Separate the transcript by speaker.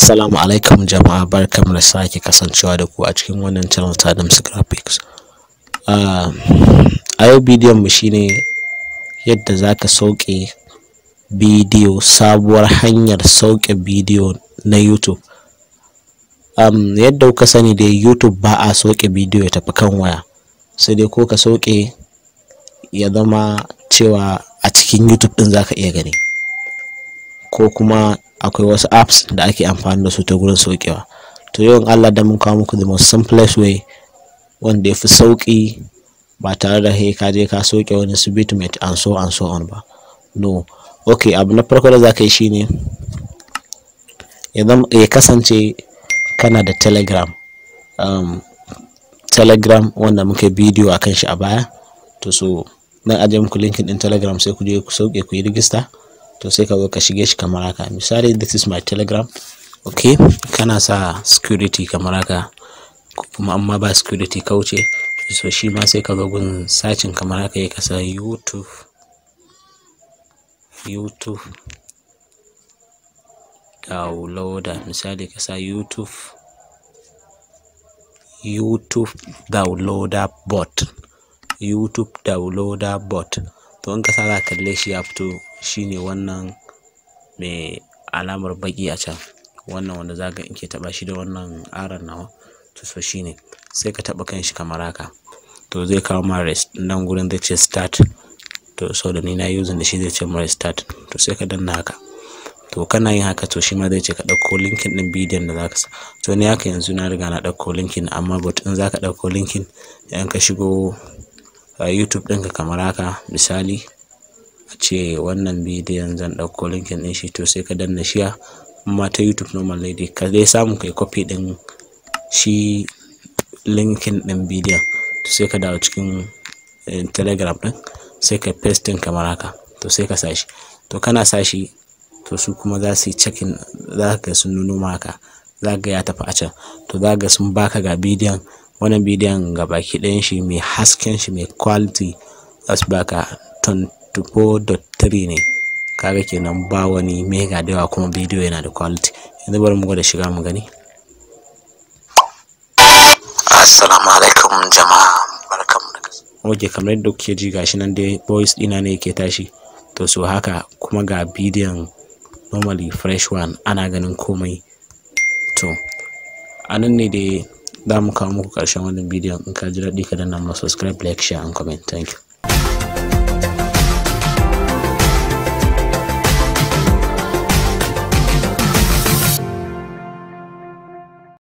Speaker 1: Assalamu alaikum jama'a barkamu da sake kasancewa da ku a cikin wannan channel ta Adams Graphics. Ah, a yau bidiyon mu shine yadda zaka sauke bidiyo sabuwar hanyar sauke bidiyo na YouTube. Um, yadda kuka sani da YouTube ba a sauke bidiyo ya tafi kan waya. Sai dai ko ka sauke ya zama cewa a cikin YouTube din zaka iya gani. Ko kuma akwai wasu apps da ake amfani da su ta gurin saukewa to yau in Allah da mun kawo muku the most simplest way wanda ya fi sauki ba tare da he ka je ka soke wani su bitmate and so and so on ba no ok abu na farko da za ka yi shine ya kasance kana da telegram um, telegram wanda muka bidiyo a kan shi a baya to so nan aje muku linkin din telegram sai ku je ku sauke ku yi rigista to sai ka zo ka shige shi kamar haka misali this is my telegram okay kana sa security kamar haka kuma amma ba security kauce so shi ma sai ka zo gun sacin kamar haka ya kasa youtube youtube downloader misali ka sa youtube youtube downloader bot youtube downloader bot to in ka sa za ka kalle shi ya fito shine wannan mai alamar baki a can wannan wanda za ka in ke taɓa shi da wannan aron nawa to so shine sai ka taba kan shi kamar haka to zai kawo ma rest nan gurin zai ce start to so da ni na using da shi zai ce ma start to sai ka danna haka to kana yin haka to shi ma zai ce ka ɗauko linkin ɗin bidiyon da zaka sa to ni haka yanzu na riga na ɗauko linkin amma but in zaka ɗauko linkin in ka shigo a YouTube ɗinka kamar haka misali a ce wannan bidiyon zan ɗauko linkin ɗin shi to sai ka danna shiya amma ta YouTube normal ne ka dai samu kai copy ɗin shi linkin ɗin bidiyon to sai ka dawo cikin eh, telegram ɗin sai ka paste kamar haka to sai ka sashi to kana sashi to su kuma za su yi checking za ka sun nuno maka za ga ya tafi a can to za ga sun baka ga bidiyon wannan bidiyon gabaki ɗayan shi mai hasken shi mai quality as baka 24.3 ne kaga kenan ba wani mega da kuma bidiyo yana da quality yanzu bari mu gwada shiga mu gani assalamu alaikum jama'a barkamu da oke kamar yadda kuke ji gashi nan dai voice dina ne yake tashi to so haka kuma ga bidiyon normally fresh one ana ganin komai to anan ne dai za mu kawo muku ƙarshen wannan bidiyon in ka ji daɗi ka danna ma subscribe like share and comment thank you